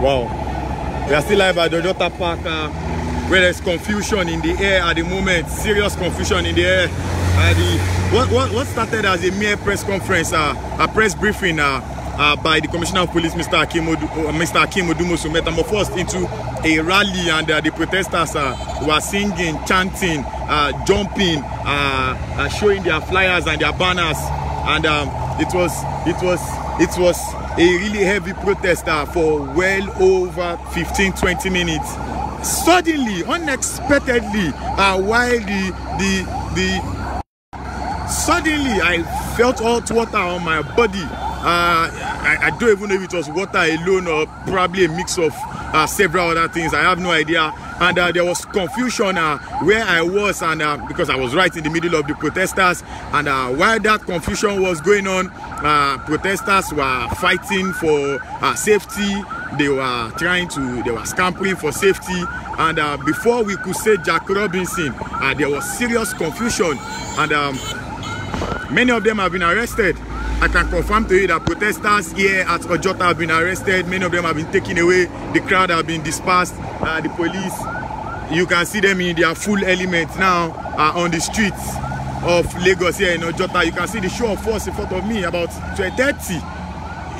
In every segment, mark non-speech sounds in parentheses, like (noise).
Wow. We are still live at Dojota Park uh, where there's confusion in the air at the moment. Serious confusion in the air. Uh, the, what, what, what started as a mere press conference, uh, a press briefing uh, uh, by the Commissioner of Police, Mr. Akim, uh, Mr. Akim Odumosu, metamorphosed into a rally and uh, the protesters uh, were singing, chanting, uh, jumping, uh, uh, showing their flyers and their banners. And um, it was, it was, it was a really heavy protester ah, for well over 15 20 minutes suddenly unexpectedly uh, while the the the suddenly i felt hot water on my body uh, I, I don't even know if it was water alone or probably a mix of uh, several other things i have no idea and uh, there was confusion uh, where I was and uh, because I was right in the middle of the protesters and uh, while that confusion was going on uh, protesters were fighting for uh, safety they were trying to they were scampering for safety and uh, before we could say Jack Robinson uh, there was serious confusion and um, many of them have been arrested I can confirm to you that protesters here at Ojota have been arrested. Many of them have been taken away. The crowd have been dispersed. Uh, the police, you can see them in their full element now uh, on the streets of Lagos here in Ojota. You can see the show of force in front of me, about 30,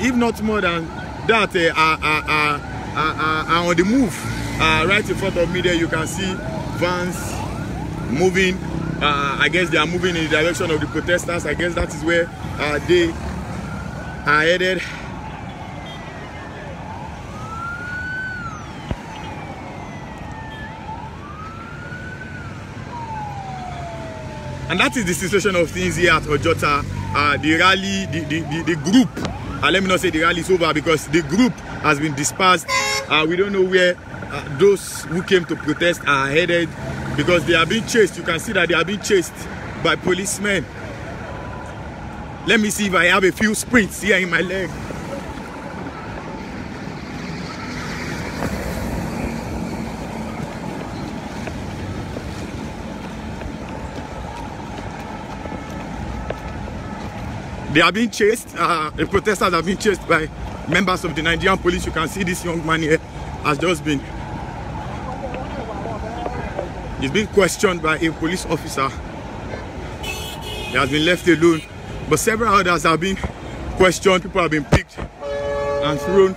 if not more than that, uh, are, are, are, are, are on the move. Uh, right in front of me there, you can see vans moving uh, I guess they are moving in the direction of the protesters. I guess that is where uh, they are headed. And that is the situation of things here at Ojota. Uh, the rally, the, the, the, the group, uh, let me not say the rally is over because the group has been dispersed. Uh, we don't know where uh, those who came to protest are headed. because they are being chased. You can see that they are being chased by policemen. Let me see if I have a few sprints here in my leg. They are being chased, uh, the protesters are being chased by members of the Nigerian police. You can see this young man here has just been He's been questioned by a police officer. He has been left alone. But several others have been questioned. People have been picked and thrown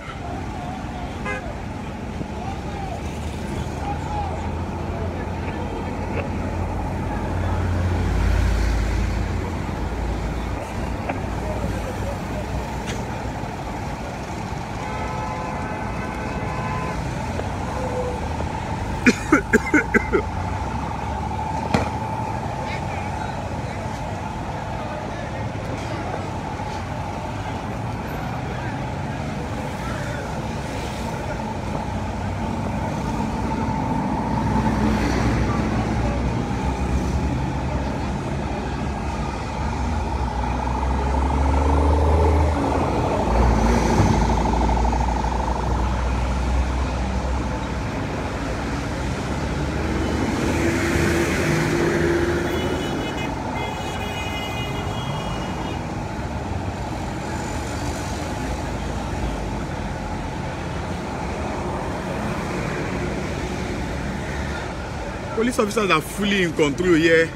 Police officers are fully in control here.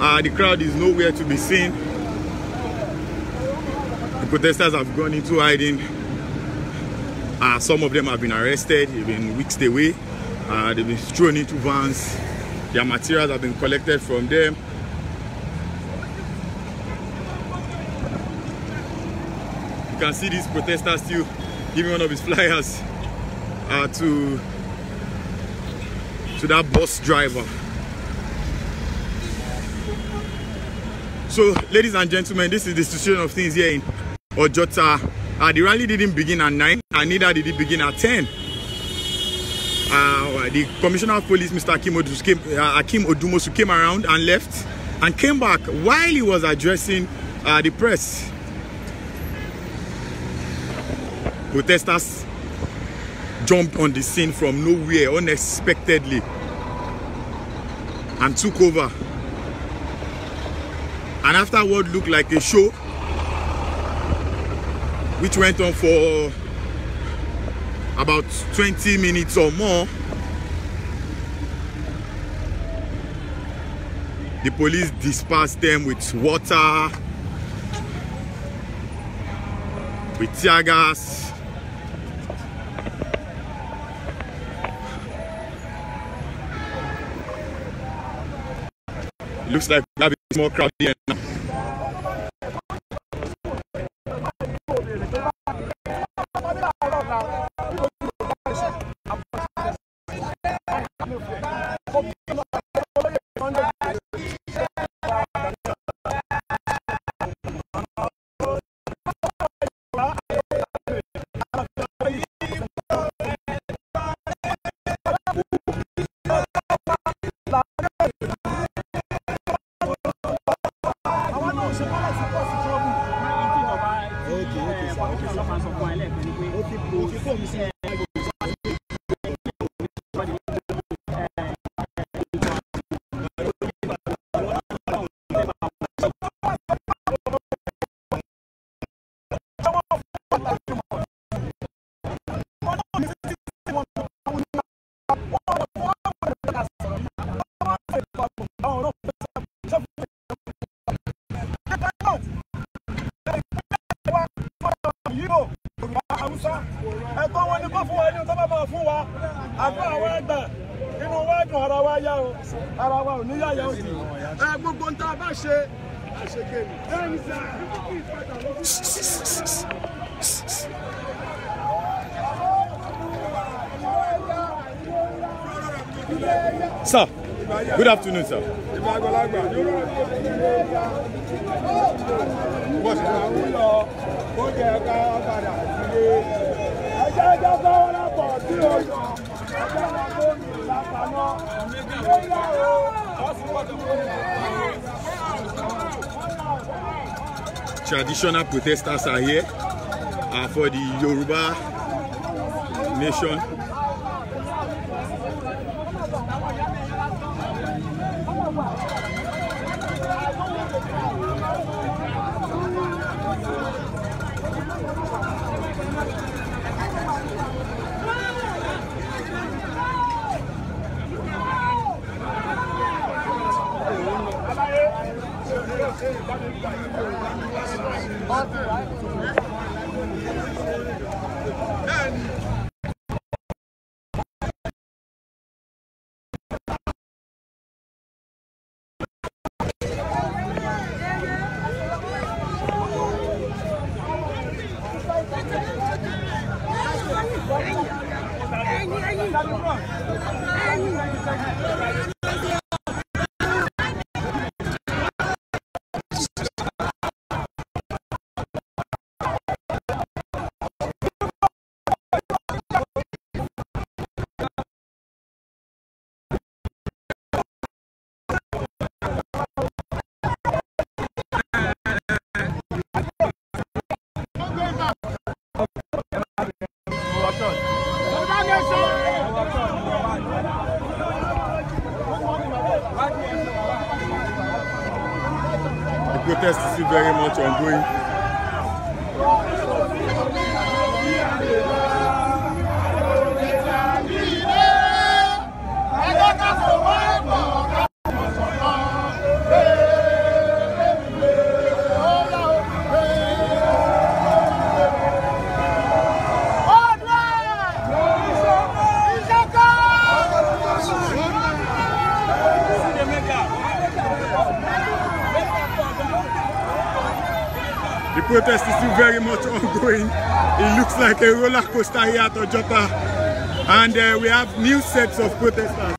Uh, the crowd is nowhere to be seen. The protesters have gone into hiding. Uh, some of them have been arrested, they've been whisked away. Uh, they've been thrown into vans. Their materials have been collected from them. You can see these protesters still giving one of his flyers uh, to to that bus driver. So, ladies and gentlemen, this is the situation of things here in Ojota. Uh, the rally didn't begin at 9 and neither did it begin at 10. Uh, the commissioner of police, Mr. Akim, Odus, came, uh, Akim Odumosu, came around and left and came back while he was addressing uh, the press. Protesters jumped on the scene from nowhere unexpectedly and took over. And after what looked like a show, which went on for about 20 minutes or more, the police dispersed them with water, with tear gas, Looks like we have a small crowd here now. ó ti kó omi sí ẹ. yíò yorùbá haúsá ẹ̀tọ́ wọn ni kó fún wa ẹni tó bá máa fún wa àbí àwọn ẹgbẹ́ inú wa dùn ara wa yá o ara wa ò ní yá yá o jì ẹ gbogbo ń a bá ṣe Sir, good afternoon, sir. What's Traditional protesters are here uh, for the Yoruba nation. Ẹyin ẹyin ẹyin. protest is still very much ongoing. protest is still very much ongoing. It looks like a roller coaster here at Ojota. And uh, we have new sets of protesters.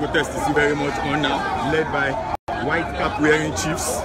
protest is very much on now, led by white cap wearing chiefs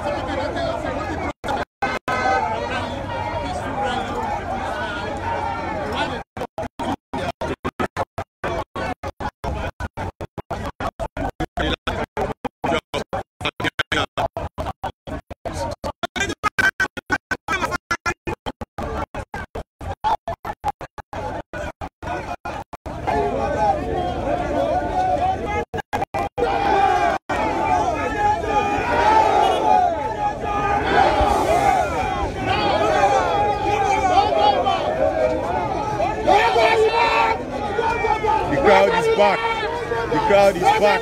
crowd is back. The crowd is back.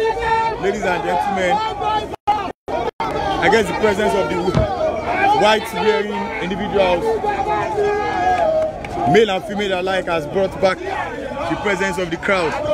Ladies and gentlemen, I guess the presence of the white wearing individuals, male and female alike, has brought back the presence of the crowd.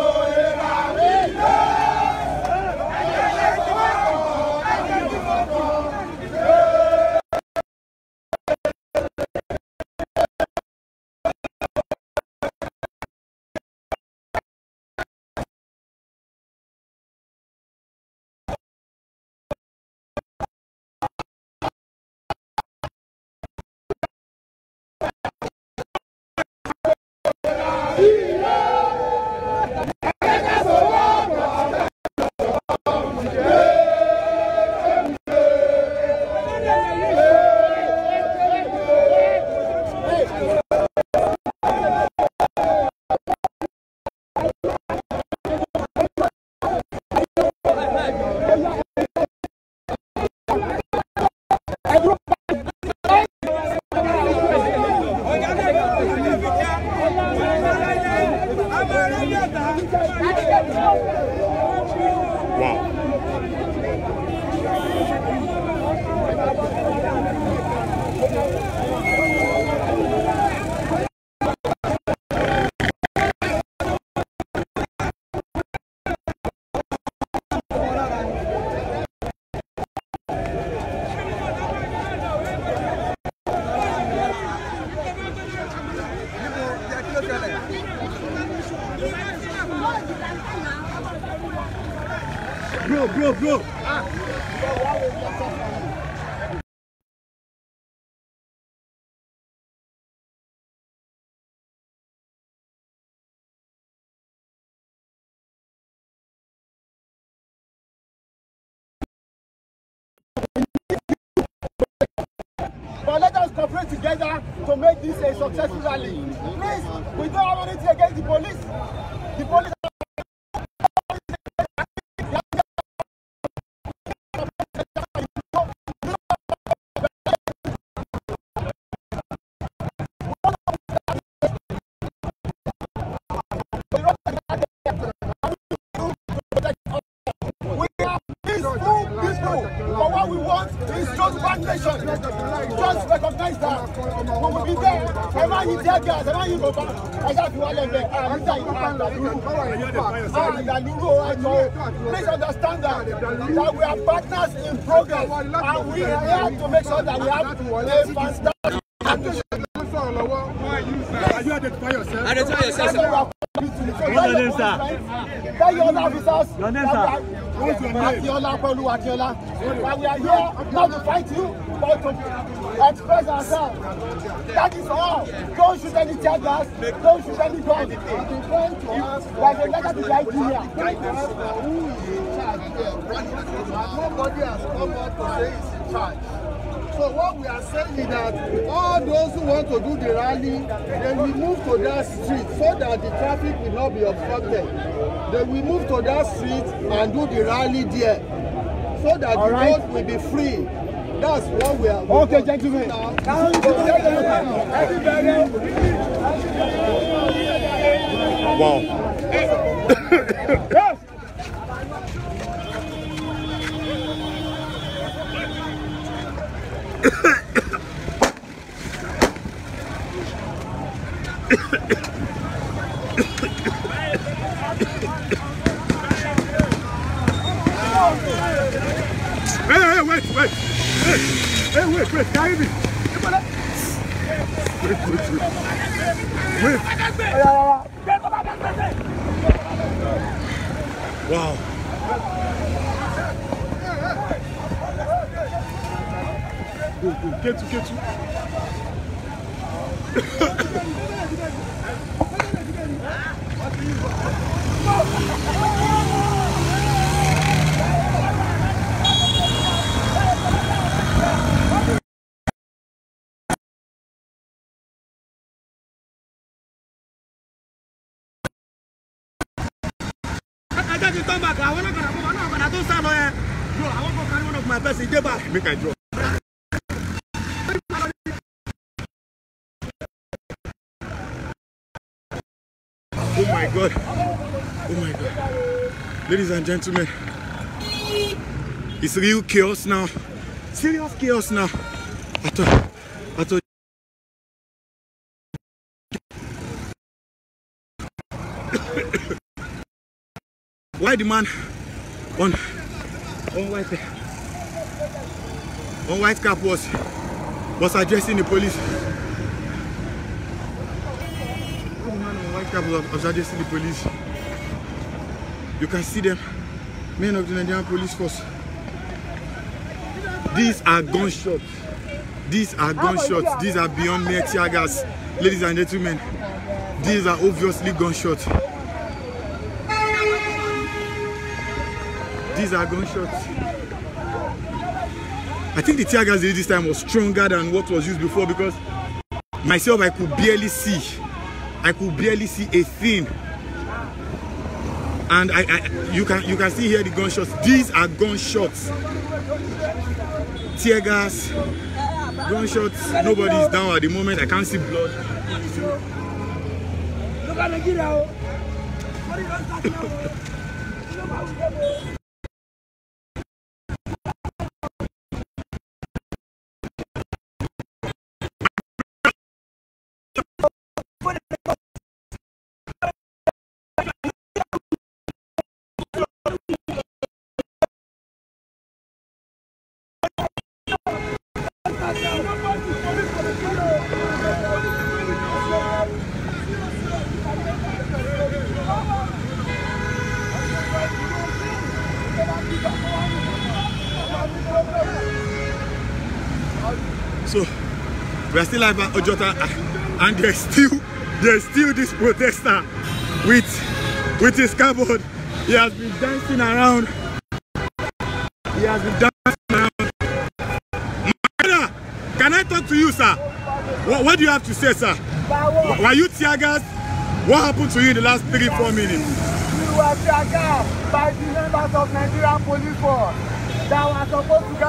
together to make this a successful rally. Please, we don't have anything against the police. The police It's just one nation. Just recognize that. Wọ́n mú ibẹ̀ ẹ máa yin tear gas ẹ máa yin bọ̀bá ẹ ṣáà fi wá lẹ́gbẹ̀ẹ́ àríjà yìí àdàlúrò àdàlúrò ẹjọ́ please understand that that we are partners in progress and we are here to make sure that we have a fantastic. Identify yourself. Identify yourself. What's your name, sir? Tell your officers. Your name, sir. Atiola, Pelu Atiola. And we are here not to fight you, but to express ourselves. That is all. Don't shoot any tear gas. Don't shoot any gun. I'm trying to ask for a letter to the idea. Nobody has come out to say he's in charge. So what we are saying is that all those who want to do the rally, they will move to that street so that the traffic will not be obstructed. They will move to that street and do the rally there so that all the right. road will be free. That's what we are. Okay, gentlemen. Now, now Wow. hey, wait, wait. Hey, hey, wait, wait. Carry me. Come on. Wait, wait, wait. Wait. Wow. Go, go. Get you, get you. I come back. I want to àwọn ọlọ́kadà I want tó to sá lọ yẹn. Bro, àwọn kan carry one of my person dé bá mi kàn jọ. my god. Oh my god. Ladies and gentlemen, it's real chaos now. Serious chaos now. I thought, I thought (coughs) Why the man on on white on white cap was was addressing the police capital of Oshadi the Police. You can see them, men of the Nigerian Police Force. These are gunshots. These are gunshots. These are beyond mere tear gas. Ladies and gentlemen, these are obviously gunshots. These are gunshots. I think the tear gas this time was stronger than what was used before because myself, I could barely see I could barely see a thing. And I, I you can you can see here the gunshots. These are gunshots. Tear gas, gunshots, nobody is down at the moment. I can't see blood. Look at oh. So we are still live at Ojota and there's still there's still this protester with with his cardboard. He has been dancing around. He has been dancing around. Mother, can I talk to you, sir? What, what do you have to say, sir? Were you tear What happened to you in the last three, four minutes? We were tear by the members of Nigerian Police Force that were supposed to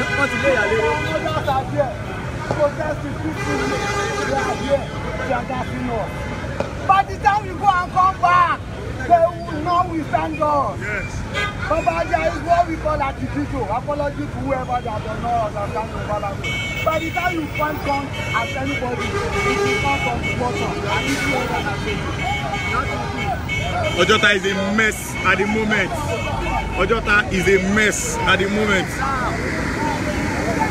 wọ́n by the time you go and come back they will know we stand up. Yes. Babaja is what we call attitude. Apology to whoever that does not understand the balance. By the time you find come as anybody, it will come from the bottom and it will understand it. Ojota is a mess at the moment. Ojota is a mess at the moment.